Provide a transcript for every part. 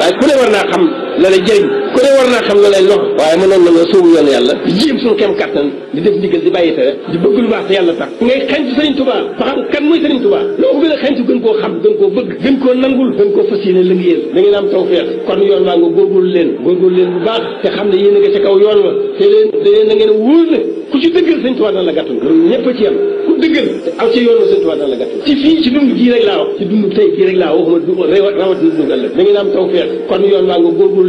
waaye ku ne war naa xam la lay jëriñ ku ne war naa xam la lay lox waaye mënoon na nga sóobu yoonu yàlla di jéem suñu kem kattan di def ndigal di bàyyi tere di bëgg lu te yàlla tax ngay xentu Sëriñ Tuubaa ba xam kan mooy Sëriñ Tuubaa loo ko xentu gën koo xam gën koo bëgg gën koo nangul gën koo fas yéene liggéeyal da ngeen nga góorgóorlu leen góorgóorlu leen bu baax te xam ne yéen wa te leen da ne ku ku dëggal aw ci yoon wa Sëriñ Tuubaa la gàttu ci fii ci dund gii rek laa wax ci dund tey gii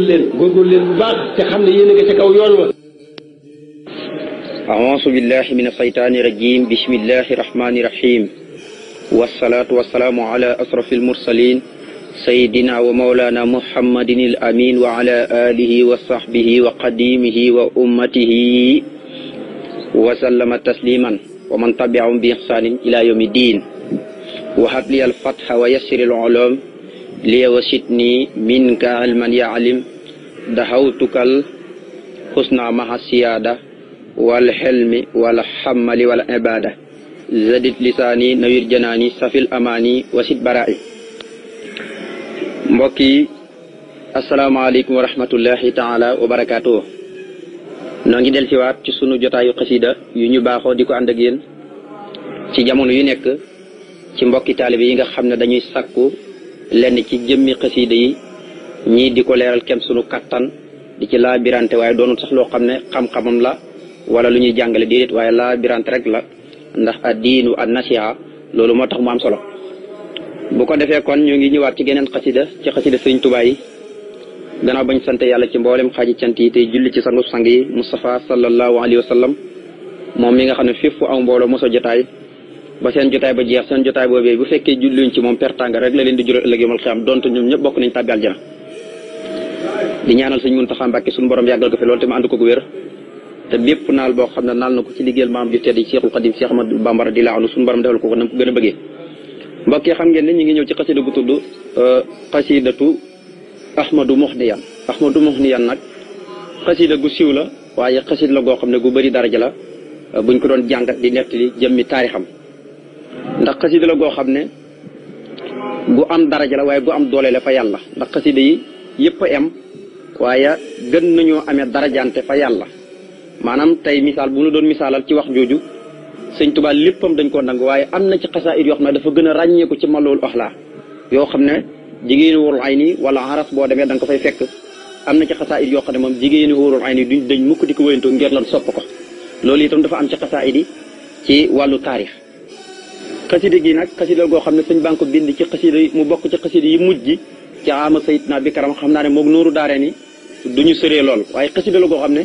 góorgóorlu leen góorgóorlu leen bu baax te xam ne yéen a nga ca kaw yoon wa aousu billahi min ashaytaani rajim bismillahi rahmaani rahim wasalaatu wasalaamu ala asrafi almursalin sayidina wa maulana muhammadin al amin wa ala alihi wa sahbihi wa qadimihi wa ummatihi wa sallama tasliman wa man tabiahum bi ihsanin ila yawmi din wa habli al fatha wa yassir al ulum ليوسطني منك علما يعلم دعوتك الحسنى مع السيادة والحلم والحمل والعبادة زدت لساني نوير جناني سفي الأماني وسد برائي mbokki asalaamaaleykum wa rahmatullahi taala wa barakaatu noo ngi del siwaat ci sunu jotaayu xasida yu ñu baaxoo di ko ànd ak ci jamono yu nekk ci mbokki taalibe yi nga xam ne dañuy sàkku lenn ci jëmmi xasiida yi ñii di ko leeral kem sunu kattan di ci laa birante waaye doonul sax loo xam ne xam-xamam la wala lu ñuy jàngale déedéet waaye laa birante rek la ndax a diinu a nasiya loolu moo tax mu am solo bu ko defee kon ñu ngi ñëwaat ci geneen xasida ci xasida sëriñ tubaay yi gannaaw bañ sant yàlla ci mboolem xaaji cant yi tey julli ci sangu sang yi Mustafa sallallahu alayhi wa sallam moom mi nga xam ne fépp fu aw mbooloo mosoo jotaay ba seen jotaay ba jeex seen jotaay boobee bu fekkee julluñ ci moom pertanga rek la leen di jural ëllëg yomal xiyaam donte ñoom ñëpp bokk nañ tàbbi aljana di ñaanal suñu borom yàggal ko fi loolu te mu ànd ko gu wér te bépp naal boo xam ne naal na ko ci liggéeyal maam ju tedd yi Cheikhul Xadim Cheikh Ahmadou am radiyallaahu anhu suñu borom defal ko ko na mu gën a bëggee mbokk yi xam ngeen ne ñu ngi ñëw ci xasida gu tudd euh, xasidatu Ahmadou Mouhniyane ni yan nag xasida gu siiw la waaye xasid la goo xam ne gu bëri daraja la euh, buñ ko doon jàngat di nettali jëmmi taarixam ndax xasida la goo xam ne gu am daraja la waaye gu am doole la fa yàlla ndax xasida yi yëpp a am waaye gën nañoo amee darajante fa yàlla maanaam tey misaal bu la doon misaalal ci wax jooju sëñ Tuubaa léppam dañ koo nangu waaye am na ci xasaa yoo xam ne dafa gën a ràññeeku ci malool axlaa yoo xam ne jigéeni wóorul ay nii wala aras boo demee da nga ko fay fekk am na ci xasaa yoo xam ne moom jigéeni wóorul ay nii duñ dañ mukk di ko wéyantoo ngir lan sopp ko loolu itam dafa am ci xasaayid yi ci wàllu taarix xasida gi nag xasida goo xam ne sëñ banko bind ci xasida mu bokk ci xasida yi mujj ci ama sayit naa bi karam xam naa ne moog nooru daare ni du ñu sëree lool waaye xasida la goo xam ne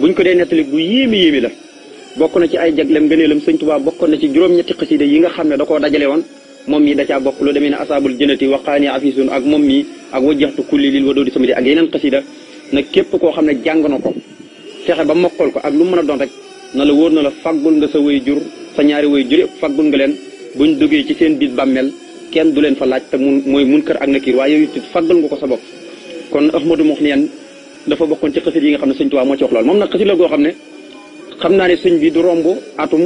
buñ ko dee nettali bu yéeme yéeme la bokk na ci ay jaglem ngëneelam sëñ Tuubaa bokkoon na ci juróom-ñetti xasida yi nga xam ne da koo dajale woon moom mi da caa bokk lu demee ne asaabul jënati waqaani ak moom mi ak wajjaxtu kulli lil wa doodi samadi ak yeneen xasida nag képp koo xam ne jàng na ko fexe ba mokkool ko ak lu mën a doon rek na la wóor na la faggul nga sa way jur sa ñaari way jur yëpp faggul nga leen buñ duggee ci seen biir bàmmeel kenn du leen fa laaj te mun mooy mun kër ak nakiir waaye yooyu it faggul nga ko sa bopp kon Ahmadou Mouhniyane dafa bokkoon ci xasit yi nga xam ne sëñ Tuubaa moo ci wax lool moom nag la goo xam ne xam naa ne sëñ bi du romb atum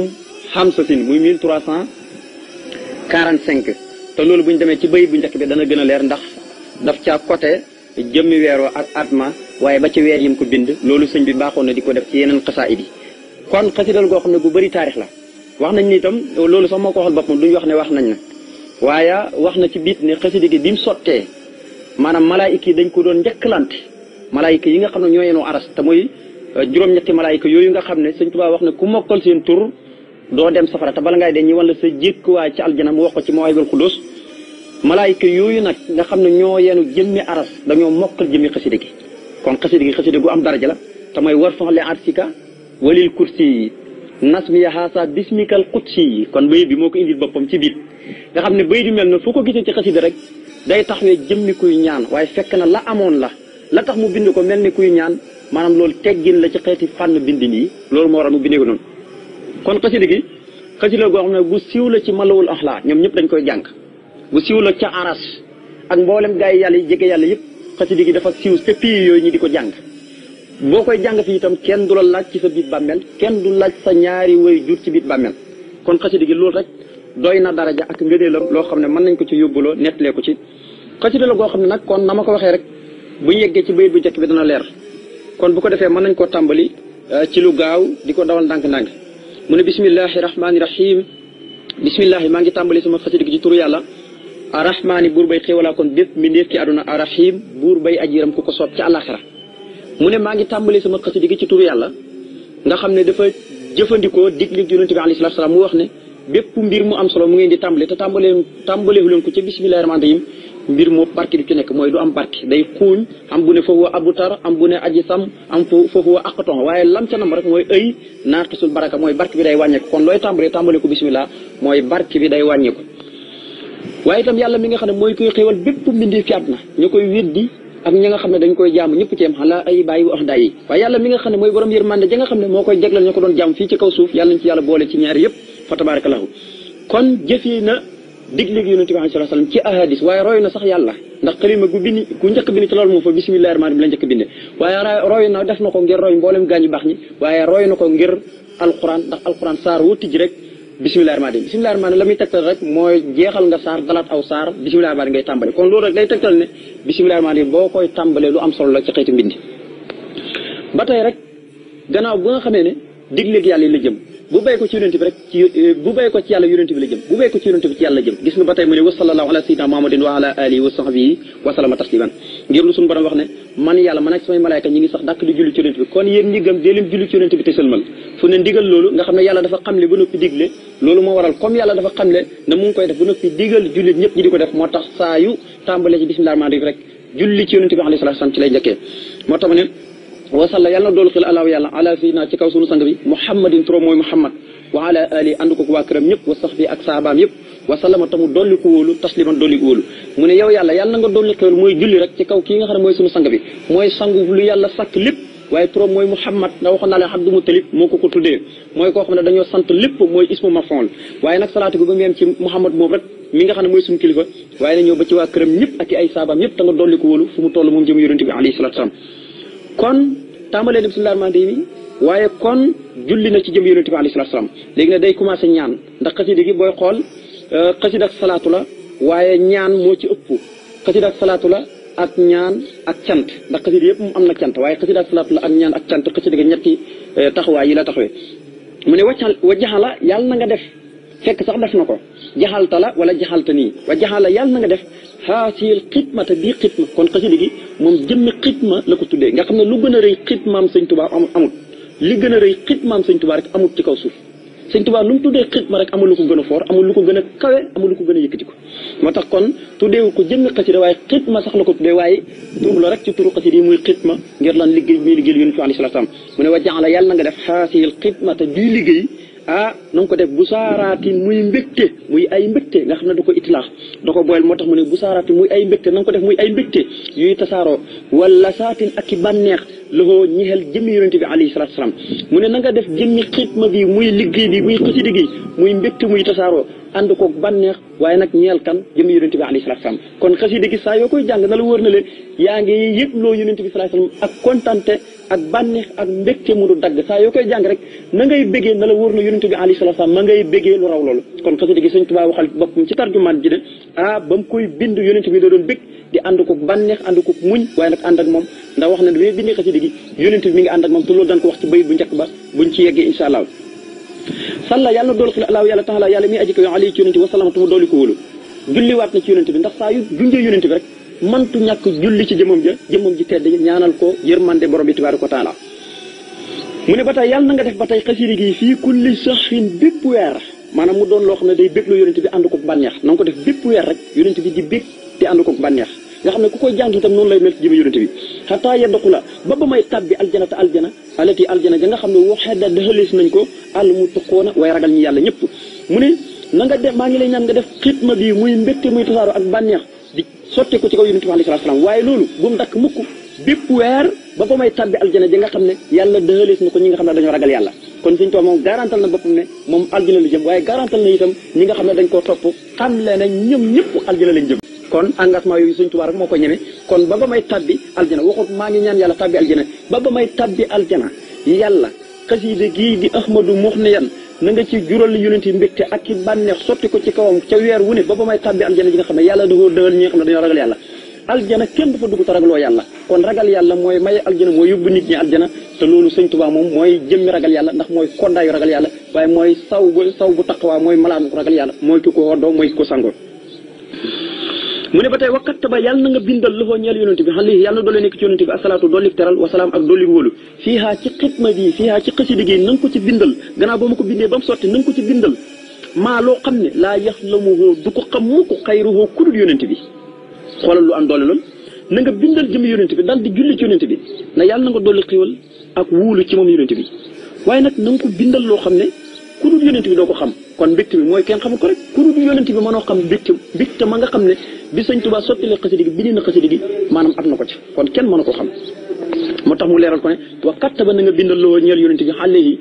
xamsatin muy 1345 te loolu bu demee ci bayit bu njëkk bi dana gën a leer ndax daf caa côté jëmmi weeroo ak atma waaye ba ci weer yim ko bind loolu sëñ bi baaxoon na di ko def ci yeneen xasaayid yi kon xasital goo xam ne gu bëri taarix la wax nañ ni itam loolu sax moo ko waxal boppam duñu wax ne wax nañ na waaye wax na ci biit ne xasida gi bi mu sottee maanaam malaayika yi dañ ko doon njëkkalante malaayika yi nga xam ne ñoo yenoo aras te mooy euh, juróom-ñetti malaayika yooyu nga xam ne sëñ Tuubaa wax ne ku mokkal seen tur doo dem safara te bala de ñi wan sa jékkuwaay ci aljana mu wax ko ci Mawaahibul Quddus malaayika yooyu nag nga xam ne ñoo yenu jëmmi aras dañoo mokkal jëmmi xasida gi kon xasida gi xasida gu am daraja la te mooy war fanle arsika walil kursi nasmiya haasa bismikal qudsi kon bayit bi moo ko indil boppam ci biir nga xam ne bayit yu mel na foo ko gisee ci xasida rek day tax ne jëmmi kuy ñaan waaye fekk na la amoon la la tax mu bind ko mel ni kuy ñaan maanaam loolu teggin la ci xeeti fànn bindin yi loolu moo waral mu bindee ko noonu kon xasida gi xasida goo xam ne gu siiw la ci lawul axlaa ñoom ñëpp dañ koy jàng bu siiw la ca aras ak mboolem gaa yàlla yi jege yàlla yëpp xasida gi dafa siiw ca pays yooyu ñi di ko jàng boo koy jàng fi itam kenn du la laaj ci sa biir bàmmeel kenn du laaj sa ñaari way jur ci biir bàmmeel kon xasida gi loolu rek doy na daraja ak ngëneelam loo xam ne mën nañ ko ci yóbbuloo nettalee ko ci xasida la goo xam ne nag kon na ma ko waxee rek bu yeggee ci bayit bu njëkk bi dana leer kon bu ko defee mën nañ koo tàmbali euh, ci lu gaaw di ko dawal ndànk-ndànk mu ne bismillahi rahmaani rahim bismillahi maa ngi tàmbali sama xasida gi ci turu yàlla arahmaani buur bay xéewalaa kon bépp mbindéef ci àdduna arahim buur bay ajiram ku ko soob ci àllaaxira mu ne maa ngi tàmbali sama xasida digg ci turu yàlla nga xam ne dafa jëfandikoo digli yonent bi alayhi salaam mu wax ne bépp mbir mu am solo mu ngeen di tàmbale te tàmbalee tàmbaleewu leen ko ca bismillahi rahmaani rahim mbir moo barke du ci nekk mooy du am barke day xuuñ am bu ne foofu wa abutar am bu ne aji sam am foofu wa aqaton waaye lam ca rek mooy ëy naaqisul baraka mooy barke bi day wàññeeku kon looy tàmbalee tàmbalee ko bismillah mooy bark bi day wàññeeku waaye itam yàlla mi nga xam ne mooy koy xéewal bépp mbindi fi àdduna ñu koy weddi ak ña nga xam ne dañ koy jaamu ñëpp ci am xala ay bàyyi wax day yi waaye yàlla mi nga xam ne mooy borom yërmande ja nga xam ne moo koy jagleel ñu ko doon jaam fii ci kaw suuf yàlla na digléegi yonent bi sallallahu alayhi na sax yàlla ndax xalima gu bindi gu njëkk bind ci loolu moom fa bismillahi rahmaani la njëkk binde waaye roy na def na ko ngir roy mboolem gaañu baax ñi waaye roy na ko ngir alquran ndax alquran saar wuti ji rek bisimilah rahmaani bisimilah rahmaani la muy tegtal rek mooy jeexal nga saar dalaat aw saar bisimilah rahmaani ngay tàmbale kon loolu rek day tegtal ne bisimilah rahmaani boo koy tàmbalee lu am solo la ci xeetu mbind. ba tey rek gannaaw bu nga xamee ne digleeg yàlla la jëm bu bay ko ci yonent bi rek bu bay ko ci yàlla yonent bi la jëm bu bay ko ci yonent bi ci yàlla jëm gis nga ba tey mu ne wa sallallahu ala sayyidina muhammadin wa ala alihi wa sahbihi wa ngir lu suñu borom wax ne man yàlla man ak samay malaayka ñi ngi sax dàkk di julli ci yonent bi kon yéen ñi gëm dee leen julli ci yonent bi te sëlmal fu ne ndigal loolu dafa xamle ba noppi digle loolu ñi di ko def moo tax saa yu tàmbalee ci bismillah rahmaan rahim rek julli ci yonent bi alayhi salaatu salaam ci lay njëkkee moo tax mu ne wasalla yàlla na doolu xil alaaw yàlla ala sayyidina ci kaw sunu sang bi muhammadin turo mooy muhammad wa ala ali ànd ko waa këram ñëpp bi ak saabaam yëpp wasallama tamu dolli ko wóolu tasliman dolli ko wóolu mu ne yow yàlla yàlla nga dolli xéwal mooy julli rek ci kaw kii nga xam ne mooy sunu sang bi mooy sangu lu yàlla sàkk lépp waaye turam mooy muhammad ndax waxoon naa leen abdul mutalib moo ko ko tuddee mooy koo xam ne dañoo sant lépp mooy ismu mafool waaye nag salaatu bi ba mu yem ci muhammad moom rek mi nga xam ne mooy suñu kilifa waaye na ba ci waa këram ñëpp ak i ay saabaam ñëpp te nga dolli ko wóolu fu mu toll moom kon julli na ci jëm yonente bi alayhi salatu commencé ñaan ndax xasida xool Euh, xasida ak salaatu la waaye ñaan moo ci ëpp xasida ak salaatu la ak ñaan ak cant ndax xasida yëpp mu am na cant waaye xasida ak salaatu la ak ñaan ak cant xasida ga ñetti euh, taxawaay yi la taxawee mu ne waccal wa jaxala yàlla na nga def fekk sax def na ko jaxalta la wala jaxalta nii wa jaxala yàlla na nga def xaasil xitmata bii xitma kon xasida gi moom jëmmi xitma la ko tuddee nga xam ne lu gën a rëy xitmaam sëñ tubaa amut li gën a rëy xitmaam sëñ tubaa rek amut ci kaw suuf sëñ Tuubaa lu mu tuddee xidma rek amul lu ko gën a ko a kawe amul lu ko gën a yëkkati ko moo tax kon tuddeewu ko jëmmi xasida waaye xidma sax la ko tuddee waaye tur la rek ci turu xasida yi muy xidma ngir lan liggéey bi muy liggéeyal yonent bi alayhi salaam mu ne wa jaala na nga def xaasiyil xidma te bii liggéey ah na nga ko def bu saaraatin muy mbégte muy ay mbégte nga xam ne da ko itilaax da ko boyal moo tax mu ne bu saaraatin muy ay mbégte na nga ko def muy ay mbégte yuy tasaaroo wala saatin ak i bànneex loxoo ñexel jëmmi yonente bi alayhi salaam mu ne na nga def jëmmi xitma bi muy liggéey bi muy xasida gi muy mbégte muy tasaaroo ànd koog bànneex waaye nag ñeel kan jëmmi yonente bi alayhi salatu salaam kon xasida gi saa yoo koy jàng na la wóor na leen yaa ngi yëg loo yonente bi salatu salaam ak kontante ak bànneex ak mbégte mu du dagg saa yoo koy jàng rek na ngay béggee na la wóor na yonente bi alayhi salatu salaam ma ngay béggee lu raw loolu kon xasida gi sëñ Tuubaa waxal boppam ci tarjumaan ji de ah, bind yonente bi da doon di ànd ko bànneex ànd ko muñ waaye nag ànd ak moom ndax wax na ne bi bindee xasida gi yónent bi mi ngi ànd ak moom te loolu dañ ko wax ci bayit bu njëkk ba buñ ci yeggee yàlla na dool yàlla taala yàlla miy aji ko ko wóolu julliwaat na bi ndax saa yu junjee yónent bi rek mantu ñàkk julli ci jëmam ja jëmam ji tedd ñaanal ko yërmande borom bi tabaaraka wa taala mu ne tey yàlla na def ba tey xasida gi fii kulli saxin bépp weer maanaam mu doon loo xam ne day bégloo yónent bi ànd ko bànneex na nga ko def bépp weer rek yónent bi di bég te ànd ko bànneex nga xam ne ku koy jàng itam noonu lay mel ci jëme yonente bi xataa yaddaku la nga xam ne waxeda daxalis ko àll mu tuqoona way ragal ñi yàlla ñëpp mu ne maa ngi lay ñaan nga def xitma bi muy mbégte muy tasaaro ak bànneex di sotte ko ci kaw yonente bi alayhi waaye loolu bu mu dakk mukk weer ba ba may tàbbi ne yàlla ko ñi nga xam ne dañoo ragal yàlla kon suñu toog moom garantal na boppam ne moom aljana la jëm waaye garantal na itam ñi nga xam ne dañ koo topp xam le ne ñoom ñëpp aljana lañ jëm kon engagement yooyu Sëñ Tuubaa rek moo ko ñeme kon ba ba may tabbi aljana waxut maa ngi ñaan yàlla tabbi aljana ba ba may tabbi aljana yàlla xasiida gii di ahmadu muxniyan na nga ci jural li yonent yi mbégte ak i bànneex sotti ko ci kawam ca weer wu ne ba ba may tabbi aljana ji nga xam ne yàlla da koo dëgal ñi nga xam ne dañoo ragal yàlla aljana kenn dafa dugg te ragaloo yàlla kon ragal yàlla mooy maye aljana mooy yóbbu nit ñi aljana te loolu sëñ Tuubaa moom mooy jëmmi ragal yàlla ndax mooy kondaayu ragal yàlla waaye mooy saw bu saw bu mooy malaan ragal yàlla mooy ko woddoo mooy ki ko sangoo mu ne ba tey wakkat ba yàlla na nga bindal loxoo ñeel yonent bi xan lii yàlla na doole nekk ci yonent bi asalaatu dolli teral wasalaam ak dolli wóolu fii ci xitma bi fii ci xasida gi na nga ko ci bindal gannaaw ba ma ko bindee ba mu sotti na nga ko ci bindal maa loo xam ne laa yaxlamuhu du ko xam mu ko xayruhu ku dul yonent bi xoolal lu am doole lool na nga bindal jëmi yonent bi dal di julli ci yonent bi na yàlla na nga dolli xiwal ak wóolu ci moom yonent bi waaye nag na ko bindal loo xam ne ku dul yonent bi doo kon mbégte bi mooy kenn xamul ko rek ku dul yonent bi mënoo xam mbégte mbégte ma nga xam ne bi sëñ Tuubaa sottile xasida gi bind na xasida gi maanaam am na ko ci kon kenn mënu ko ko ne bindal bi xale yi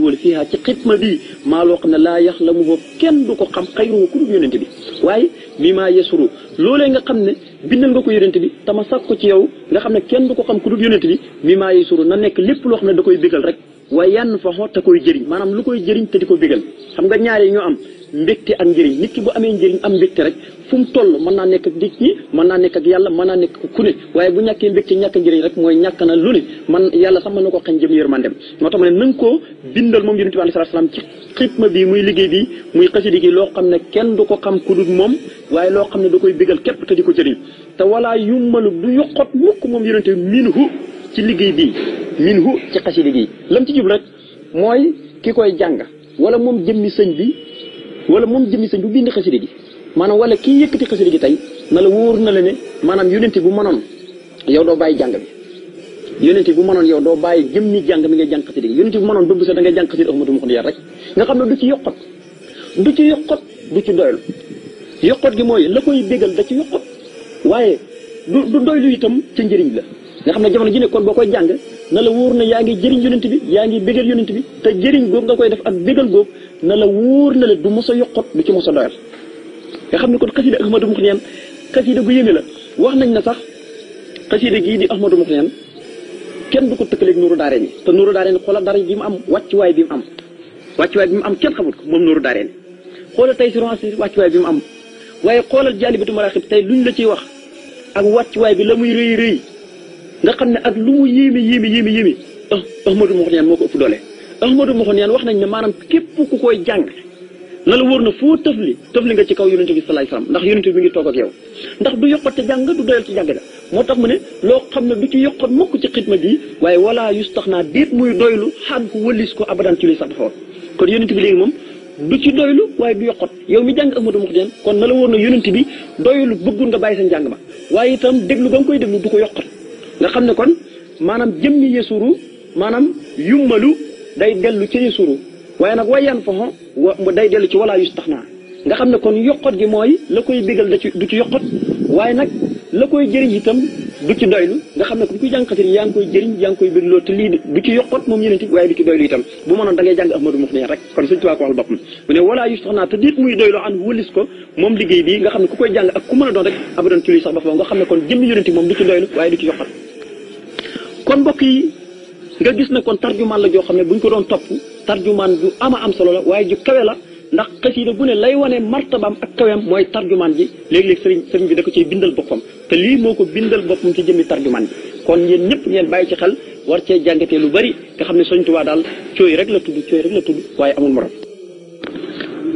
ko ci xitma bi maa loo xam ne laa du ko xam xayru ku dul yonent nga ko yonent bi tama sàkk ko ci yow nga xam ne kenn du ko xam ku dul yonent bi mi maa yesuru na nekk lépp loo xam ne da koy bégal rek waaye yan faxoo te koy jëriñ maanaam lu koy jëriñ te di ko bégal xam nga ñaar yi ñoo am mbégte ak njëriñ nit ki bu amee njëriñ am mbégte rek fu mu toll mën naa nekk ak nit ki mën naa nekk ak yàlla mën naa nekk ku ne waaye bu ñàkkee mbégte ñàkk njëriñ rek mooy ñàkk na lu ne man yàlla sax mën na ko xañ jëm yërmandem moo tax ma ne na nga koo bindal moom yonent bi alayhi salaam ci xitma bi muy liggéey bi muy xasidi gi loo xam ne kenn du ko xam ku du moom waaye loo xam ne da koy bégal képp te ko jëriñ te wala yummalu du yoqot mukk moom yonente minhu ci liggéey bii minhu ci xasida gi lam ci jub rek mooy ki koy jàng wala moom jëmmi sëñ bi wala moom jëmmi sëñ bu bind xasida gi maanaam wala kii yëkkati xasida gi tey na la wóor na la ne maanaam yonente bu mënoon yow doo bàyyi jàng bi yonente bu mënoon yow doo bàyyi jëmmi jàng mi ngay jàng xasida gi yonente bu mënoon bëgg sax da ngay jàng xasida Ahmadou Moukhtar rek nga xam ne du ci yokkot du ci yokkot du ci doylu yokkot gi mooy la koy bégal da ci yokkot waaye du doylu itam ca njëriñ la nga xam ne jamono ji ne kon boo koy jàng na la wóor na yaa ngi jëriñ yonent bi yaa ngi bégal yonent bi te jëriñ góob nga koy def ak bégal góob na la wóor na la du mos a yokkot du ci mos a doyal nga xam ne kon xasida Ahmadou Mouhniyane xasida gu yéeme la wax nañ na sax xasida gii di Ahmadou Mouhniyane kenn du ko tëkkaleeg Nuuru Daarayni te Nuuru Daarayni xoolal dara bi mu am wàccuwaay bi am wàccuwaay bi mu am kenn xamul ko moom Nuuru Daarayni xoolal tey si roncé wàccuwaay bi am waaye xoolal Jaalibatu Maraaxib tey lu luñ la ciy wax ak wàccuwaay bi la muy rëy rëy nga xam ne ak lu mu yéeme yéeme yéeme yéeme ah Ahmadou Mouhniyane moo ko ëpp doole Ahmadou Mouhniyane wax nañ ne maanaam képp ku koy jàng na la wóor na foo tëfli tëfli nga ci kaw yonente bi salaay salaam ndax yonente bi ngi toog ak yow ndax du yokkat ca jàng du doyal ci jàng da moo tax mu ne loo xam ne du ci yokkat mukk ci xidma bi waaye wala yustaxnaa déet muy doylu xaan ko wëlis ko abadan ci luy sax dafa kon yonente bi léegi moom du ci doylu waaye du yokkat yow mi jàng Ahmadou Mouhniyane kon na la wóor na yonente bi doylu bëggul nga bàyyi sa njàng ma waaye itam déglu ba nga koy déglu du ko yokkat nga xam ne kon maanaam jëmmi yësuru maanaam yummalu day dellu ci yësuru waaye nag wayaan faxon wa day dellu ci walaa yustaxnaa nga xam ne kon yokkot gi mooy la koy bégal da ci du ci yokkot waaye nag la koy jëriñ itam nga koy bégloo te lii du ci yokkot moom yeneen waaye du ci doylu itam wëlis ko moom liggéey bii nga xam ne ku koy jàng ak ku mën a doon rek abadan ci lii sax ba foofu nga xam ne kon jëmmi yeneen moom du ci doylu waaye du ci yokkot kon mbokk yi nga gis na kon tarjumaan la joo xam ne buñ ko doon topp tarjumaan ju ama am solo la waaye ju kawe la ndax xasida bu ne lay wane martabaam ak kaweem mooy tarjumaan ji léegi-léegi sëriñ sëriñ bi da ko ciy bindal boppam te lii moo ko bindal boppam ci jëmmi tarjumaan bi kon yéen ñëpp ngeen bàyyi ci xel war cee jàngatee lu bari nga xam ne Sëriñ Tuubaa daal cooy rek la tudd cooy rek la tudd waaye amul morom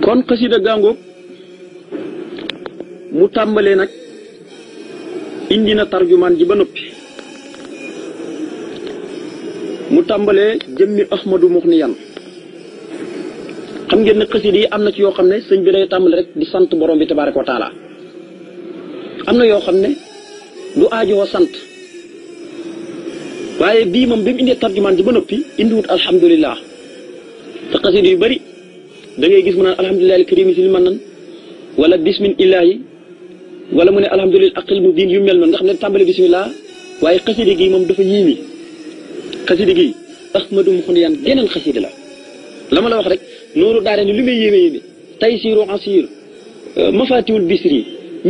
kon xasida gàngoog mu tàmbalee nag indi na tarjumaan ji ba mu tàmbalee jëmmi ahmadu muxniyan xam ngeen ne xasida yi am na ci yoo xam ne sëñ bi day tàmbali rek di sant borom bi tabaaraka wa am na yoo xam ne du aajoo sant waaye bii moom bi mu indee tarjumaan ji ba noppi indiwut alhamdulilah te xasida yu bari dangay gis mu naan alhamdulilahi alkarimi si li man nan wala bismin illaahi wala mu ne alhamdulilah aqil mu diin yu mel noonu nga xam ne tàmbale bismillah waaye xasida gi moom dafa yii xasida gi ahmadum xuniyaan geneen xasida la la ma la wax rek nooru daare ni li muy yéeme yéeme tay siiru asir euh, mafaatiwul bisri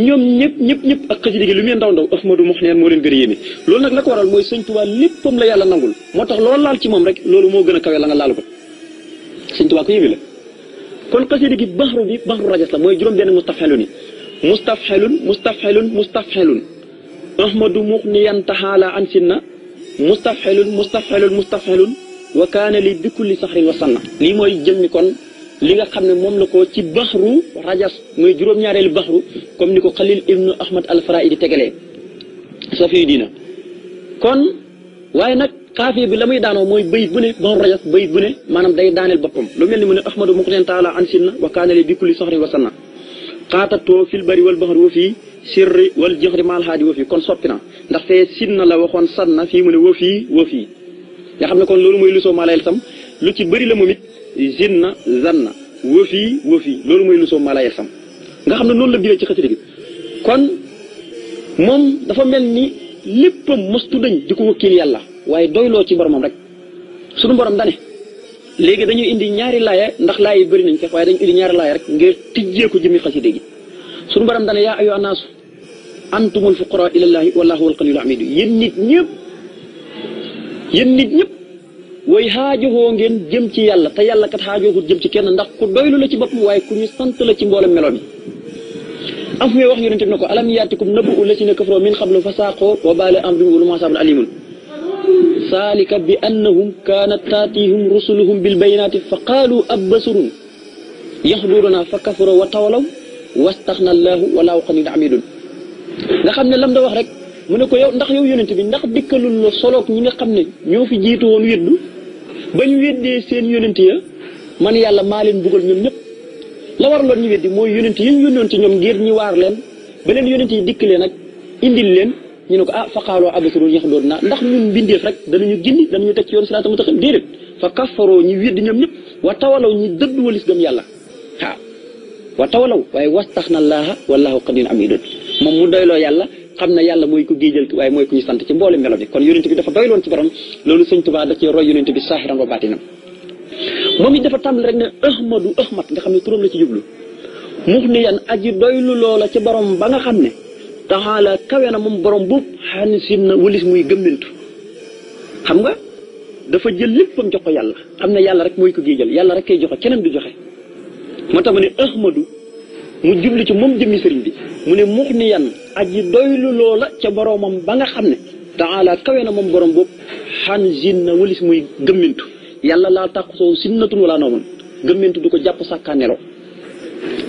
ñoom ñëpp ñëpp ñëpp ak xasida gi lu muy ndaw ndaw ahmadum xuniyaan moo leen gën a yéeme loolu nag la ko waral mooy sëñ léppam la yàlla nangul moo tax loolu laal ci moom rek loolu moo gën a kawe la nga laal ko sëñ Tuubaa ko yéeme la kon xasida gi baxru bi baxru rajas la mooy juróom benn mustafxelun yi mustafxelun mustafxelun mustafxelun ahmadu muxniyan taxaala an sinna mustafxelun mustafxelun mustafxelun wa kaana li bi kulli saxrin wa lii mooy jëm jëmmi kon li nga xam ne moom la ko ci baxru rajas mooy juróom-ñaareelu baxru comme ni ko xalil ibnu ahmad alfaraidi tegalee safi diina kon waaye nag xaafiya bi la muy daanoo mooy bayit bu ne baxru rajas bayit bu ne maanaam day daaneel boppam lu mel ni mu ne ahmadu muqten taala an sinna wa kaana li bi kulli saxrin wa sanna xaatatoo fil bari wal baxru fii sirri wal jëxri maal haadi wëf yi kon soppi na ndax fee na la waxoon sanna fii mu ne wëf yi wëf yi nga xam ne kon loolu mooy lusoo malayel sam lu ci bëri la moom it na zanna na yi wëf yi loolu mooy lusoo malayel sam nga xam ne loolu la biree ci xasida gi kon moom dafa mel ni léppam mostu dañ di ko kii yàlla waaye doyloo ci boromam rek sunu borom dane léegi dañuy indi ñaari laaya ndax laay yi bëri nañ sax waaye dañu indi ñaari laaya rek ngir tijjee ko jëmi xasida gi suñu borom dana yaa ayyuha naasu antumul fuqaraa ilallaahi wallaahu wal ganiyul nit ñëpp yéen nit ñëpp way ngeen jëm ci yàlla te yàlla kat xaajoowut jëm ci kenn ndax ku doylu la ci boppam waaye ku ñu sant la ci mboolem meloom yi am fu muy wax yonente bi ne ko alam yaatikum nabu'u llaziina kafaroo min qablu fa saaqoo wa baala amrihim wa lahum azaabun aliimun zaalika bi annahum kaanat taatihum rusuluhum bil bayyinaati fa qaalu abbasurun yaxduuruna fa kafaroo wa tawalaw tax wastaxna allahu da xaniyun amidun nga xam ne lam da wax rek mu ne ko yow ndax yow yonent bi ndax dikkalul la soloog ñi nga xam ne ñoo fi jiitu woon weddu bañ weddee seen yonent ya man yàlla maa leen buggal ñoom ñëpp la waraloon ñu weddi mooy yonent yi ñu yónnoon ci ñoom ngir ñi waar leen ba leen yonent yi dikk leen ak indil leen ñu ne ko ah fa qaaloo abasiroo yax doon naa ndax ñun mbindeef rek danañu gindi ñu teg ci yoon si siraata mustaqim déedéet fa kaffaroo ñi weddi ñoom ñëpp wa tawalaw ñi dëddu walis gëm yàlla waaw wa tawalaw waaye wastaxna laaha wallahu am amidun moom mu doyloo yàlla xam na yàlla mooy ko géejal waaye mooy ku ñu sant ci mboole melo bi kon yonent bi dafa doyloon ci borom loolu sëñ Tuubaa da ci roy yonent bi saaxiran wa baatinam moom it dafa tàmbali rek ne ahmadu ahmad nga xam ne turam la ci jublu mux ni yan aji doylu loola ci borom ba nga xam ne taxaala kawe na moom borom boobu xanisin na walis muy gëmmintu xam nga dafa jël léppam jox ko yàlla xam ne yàlla rek mooy ko géejal yàlla rek koy joxe keneen du joxe moo tax ma ne ahmadu mu jublu ci moom jëmmi sëriñ bi mu ne mux ni yan aji doylu loola ca boroomam ba nga xam ne taala kawe na moom borom boobu xan gin na walis muy gëmmintu yàlla laa tàq soo sinnatun walaa nooman gëmmintu du ko jàpp sàkkaa nelaw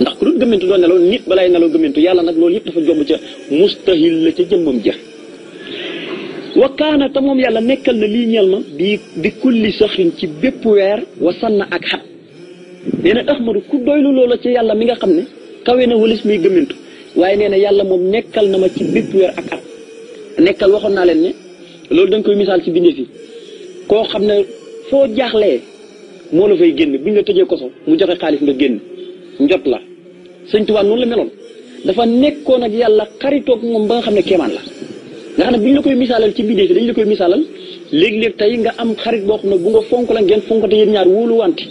ndax ku dul gëmmintu doo nelaw nit balaay nelaw gëmmintu yàlla nag loolu yëpp dafa jomb ca mustahil la ca jëmmam ja wa kaana moom yàlla nekkal na lii ñel ma bi di kulli saxin ci bépp weer wa ak nee na ahmadu ku doylu la ci yàlla mi nga xam ne kawe na walis muy gëmmintu waaye nee na yàlla moom nekkal na ma ci bépp weer ak at nekkal waxoon naa leen ne loolu danga koy misaal ci bindee fi koo xam ne foo jaaxlee moo la fay génn buñ la tëjee koso mu joxe xaalis nga génn njot la sëñ Tuubaa noonu la meloon dafa nekkoon ak yàlla xaritoog moom ba xam ne keemaan la nga xam ne buñ la koy misaalal ci bindee dañ la koy léegi-léeg tey nga am xarit boo xam ne bu nga fonk la ngeen fonk te yéen ñaar wóolu wante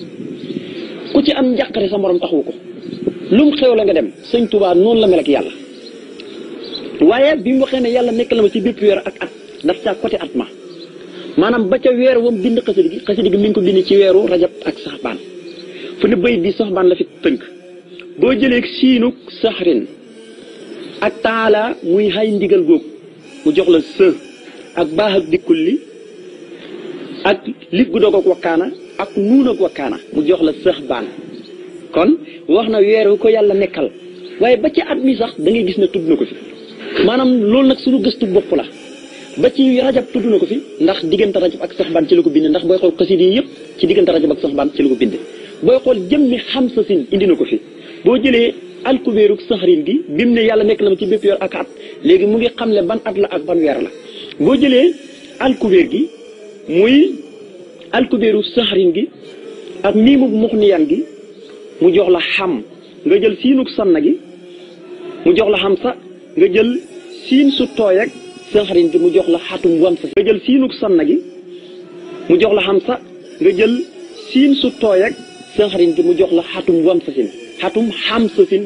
ku ci am njàqare sa morom taxu ko lu mu xew la nga dem sëñ Tuubaa noonu la mel ak yàlla waaye bi mu waxee ne yàlla nekk na ma ci bépp weer ak at daf caa côté at ma maanaam ba ca weer wam bind xasida gi xasida gi mi ngi ko bind ci weeru rajab ak saxbaan fu ne bayit bi saxbaan la fi tënk boo jëlee siinuk saxrin ak taala muy xay ndigal góog mu jox la së ak baax ak dikkul li ak lig gu doog wakkaana ak nuun ak wakkaana mu jox la sëx baan kon wax na weer wu ko yàlla nekkal waaye ba ci at mi sax da ngay gis ne tudd na ko fi maanaam loolu nag suñu gëstu bopp la ba ci rajab tudd na ko fi ndax diggante rajab ak saxbaan ci la ko bind ndax booy xool xasida yi yëpp ci diggante rajab ak saxbaan ci la ko bind booy xool xam xamsa sin indi na ko fi boo jëlee alkubeeruk saxarin gi bi mu ne yàlla nekk na ma ci bépp yor ak at léegi mu ngi xam ne ban at la ak ban weer la alkubeeru saxarin gi ak miimug muxniyan gi mu jox la xam nga jël siinug sanna gi mu jox la xam sa nga jël siin su tooy ak saxarin gi mu jox la xatum wam sa jël siinug sanna gi mu jox la xam sax nga jël siin su tooy ak saxarin gi mu jox la xatum wam sa sin xatum xam sa sin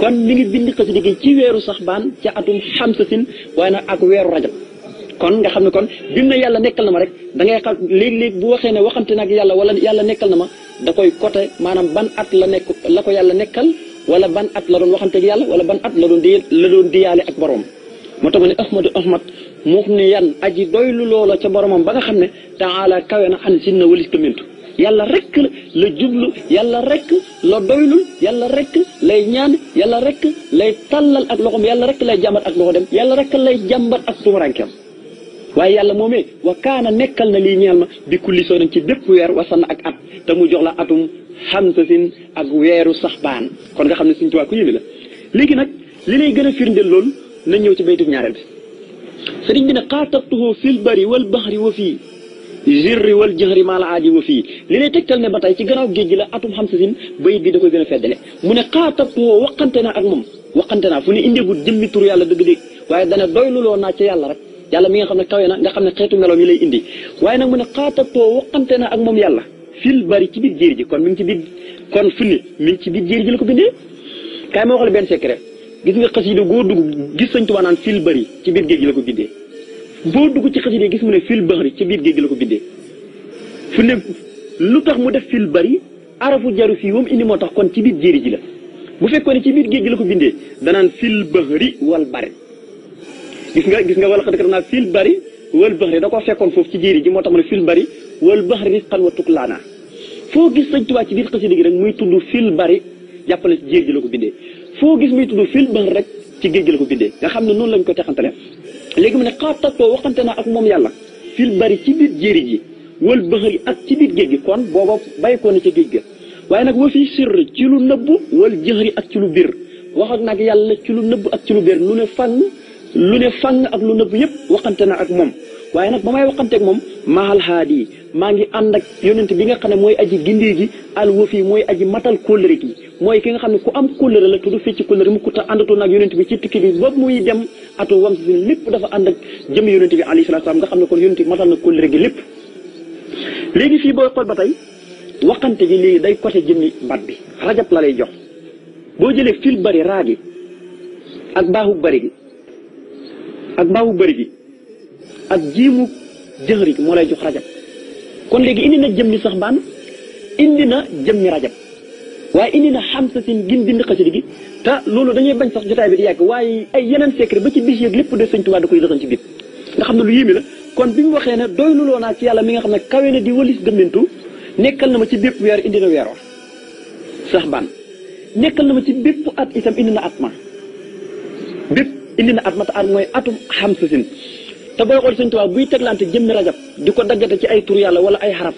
kon mi ngi bind xasida gi ci weeru sax baan ca atum xam sa waaye nag ak weeru rajab kon nga xam ne kon bi mu ne yàlla nekkal na ma rek dangay ngay xam léeg-léeg bu waxee ne waxante nag yàlla wala yàlla nekkal na ma da koy côté maanaam ban at la nekk la ko yàlla nekkal wala ban at la doon waxante ak yàlla wala ban at la doon di la doon diyaale ak borom moo tax ma ne ahmadu ahmad moo ne yan aji doylu loola ca boromam ba nga xam ne taala kawe na an na walis ko yàlla rek la jublu yàlla rek la doylul yàlla rek lay ñaan yàlla rek lay tàllal ak loxoom yàlla rek lay jàmbat ak loxo dem yàlla rek lay jàmbat ak tumurankeem waaye yàlla moomee wa kaana nekkal na lii ñeel ma bi kulli soonin ci bépp weer wasan ak at te mu jox la atum xam xamsasin ak weeru sax baan kon nga xam ne suñ tuwaa ku la léegi nag li lay gën a firndeel loolu nañ ñëw ci baytub ñaareel bi sëriñ bi ne xaatabtuhu fil bari wal baxri wa fii jirri wal jëxri maa la aadi wa fii li lay tegtal ne ba tey ci gannaaw géej gi la atum xamsasin bayit bi da koy gën a mu ne xaatabtuhu waqante naa ak moom waqante naa fu ne indee bu jëmmi tur yàlla dëgg-dëgg waaye dana doy luloo naa ca yàlla rek yàlla mi nga xam ne kawe na nga xam ne xeetu melo mi lay indi waaye nag mu ne xaatatoo waxante na ak moom yàlla fil bari ci biir jéer ji kon mi ngi ci biir kon fu ne mi ci biir jéer ji la ko bindee kaay wax la benn secret gis nga xasida goo dugg gis Sëñ Tuubaa naan fil bari ci biir géej gi ko bindee boo dugg ci xasida gis mu ne fil bari ci biir géej la ko bindee fu ne lu tax mu def fil bari arafu jaru fii moom indi moo tax kon ci biir jéer ji la bu fekkoon ne ci biir géej gi la ko bindee danaan fil bahri wal bari gis nga gis nga wala xad karam naa fil bari wal baxri da koo fekkoon foofu ci jéeri ji moo tax ma ne fil bari wal baxri risqan wa tuklaana foo gis sëñ Tuubaa ci biir xasida gi rek muy tudd fil bari jàppale ci jéer ji la ko bindee foo gis muy tudd fil baxri rek ci géej gi la ko bindee nga xam ne noonu lañ ko texantale léegi mu ne xaatatoo waxante naa ak moom yàlla fil bari ci biir jéeri ji wal baxri ak ci biir géej gi kon booba bàyyi ko na ca géej ga waaye nag wa fii sirr ci lu nëbb wal jëxri ak ci lu biir wax ak nag yàlla ci lu nëbb ak ci lu biir nu ne fànn lu ne fan ak lu nëbb yëpp waxante na ak moom waaye nag ba may waxanteeg moom mahal haadi yi maa ngi ànd ak yonante bi nga xam ne mooy aji gindi gi al fii mooy aji matal kóllëre gi mooy ki nga xam ne ku am kóllëre la tudd fii ci kóllëre mu ku ta àndatoon ak yonent bi ci tukki bi ba muy dem atu wam si dafa ànd ak jëm yonent bi alayhi salaatu salaam xam ne kon yonent bi matal na kóllëre gi lépp léegi fii booy xool ba tey waxante gi léegi day côté jëmmi bat bi rajab la lay jox boo jëlee fil bari raa gi ak baaxu bari gi ak baawu bari gi ak jiimu jëxri moo lay jox rajab kon léegi indi na jëmmi sax baan indi na jëmmi rajab waaye indi na xam sa sin gin bind xasida gi te loolu dañuy bañ sax jotaay bi di yàgg waaye ay yeneen secret ba ci bis yeeg lépp de sëñ Tuubaa da koy dëxañ ci biir nga xam ne lu yéeme la kon bi mu waxee ne dooy lu naa ci yàlla mi nga xam ne kawe na di walis gëmmentu nekkal na ma ci bépp weer indi na weer wax sax baan nekkal na ma ci bépp at itam indi na at indi na at mata at mooy atum xam sasin te booy xool sa sëñ Tuubaa buy teglante jëmmi rajab di ko daggate ci ay tur yàlla wala ay xaraf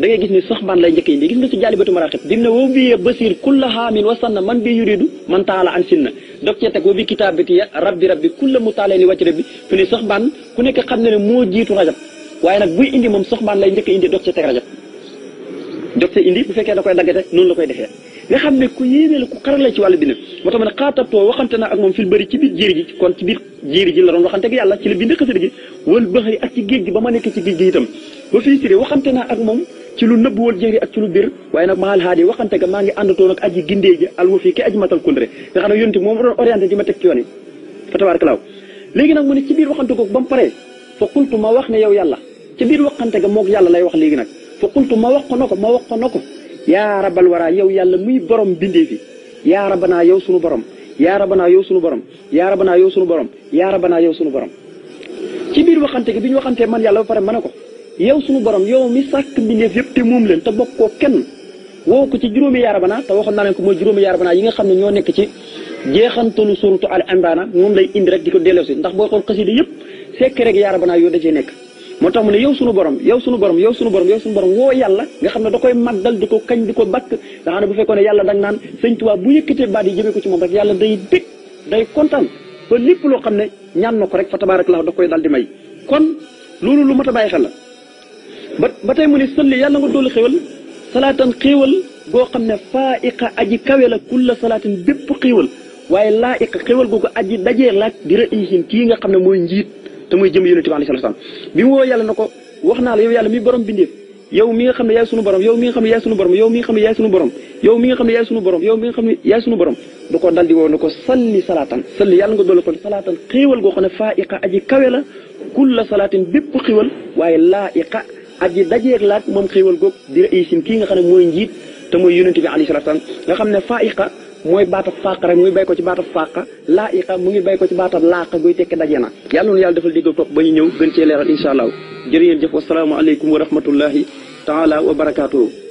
da ngay gis ni soxbaan lay njëkk indi gis nga ci jaalibatu maraqib dim ne wa biye basir kulla haamin wasanna man bi yuridu man taala an sinna dog cee teg wa bi kitaabati rabbi rabbi kulla mu taalee ni wàcc rabbi fi ni ku nekk xam ne ne moo jiitu rajab waaye nag buy indi moom soxbaan lay njëkk indi dog cee teg rajab dog indi bu fekkee da koy daggate noonu la koy defee nga xam ne ku yéene la ku xarala ci wàllu bi nag moo tax ma ne xaatabtoo waxante naa ak moom fil bëri ci biir jéeri ji kon ci biir jéeri ji la doon waxante ak yàlla ci ma nekk ci géej gi biir waxante ga maa ngi àndatoo nag aji gindee ji alwa fii ki aji matal kundre nga xam ne ne ko ba mu paree fa qultu ma wax ne yow yàlla ci biir waxante ga moog yàlla lay wax léegi nag fa qultu ma wax ko na ko ma wax ko na ko yaa rabal wara yow yàlla muy borom bindee fi yaa rabanaa yow sunu borom yaa rabanaa yow sunu borom yaa rabanaa yow sunu borom yaa rabanaa yow sunu borom ci biir waxante gi bi ñu waxantee man yàlla ba pare mën a ko yow sunu borom yow mi sàkk mbindeef yëpp te moom leen te bokk koo kenn woo ko ci juróomi yaa rabanaa te waxoon naa leen ko mooy juróomi yaa rabanaa yi nga xam ne ñoo nekk ci jeexantalu suratu al imraan moom lay indi rek di ko delloosi ndax boo xool xasida yëpp sekk rek yaa rabanaa yoo da cee moo tax mu ne yow sunu borom yaw sunu borom yaw sunu borom yow sunu borom woo yàlla nga xam ne da koy màggal di ko kañ di ko bakk nga xam ne bu fekkoon ne yàlla danga naan sëñ Tuubaa bu yëkkatee baat yi jëmee ko ci moom rek yàlla day bég day kontaan ba lépp loo xam ne ñaan na ko rek fa la da koy daal di may kon loolu lu mat a bàyyi xel la ba ba tey mu ne sëlli yàlla nga doolu xéwal salaatan xéewal goo xam ne faa iqa aji kawe la kulla salaatin bépp xéewal waaye laa iqa xéewal googu aji dajee laaj nga xam ne mooy njiit te jëm yonent bi alayhi salaam bi mu yàlla na ko wax naa la yow yàlla mi borom bindeef yow mi nga xam ne yaay sunu borom yow mi nga xam ne yaay sunu borom yow mi nga xam ne yaay sunu borom yow mi nga xam ne yaay sunu borom yow mi nga xam ne yaay sunu borom da ko dal di woo na ko salli salaatan salli yàlla nga dolli ko salaatan xéewal goo xam ne faa iqa aji kawe la kulla salaatin bépp xéewal waaye laa iqa aji dajeeg laaj moom xéewal goog di raisin kii nga xam ne mooy njiit te mooy yonent bi alayhi salaam nga xam ne faa iqa mooy baatab fàq rek mu ngi bay ko ci baatab fàq laa iqa mu ngi bay ko ci baatab laaq guy tekki daje na yàlla noonu yàlla defal diggal topp ba ñu ñëw gën cee leeral incha allah jërë ngeen jëf wasalaamaaleykum wa rahmatullahi taala wa barakaatuhu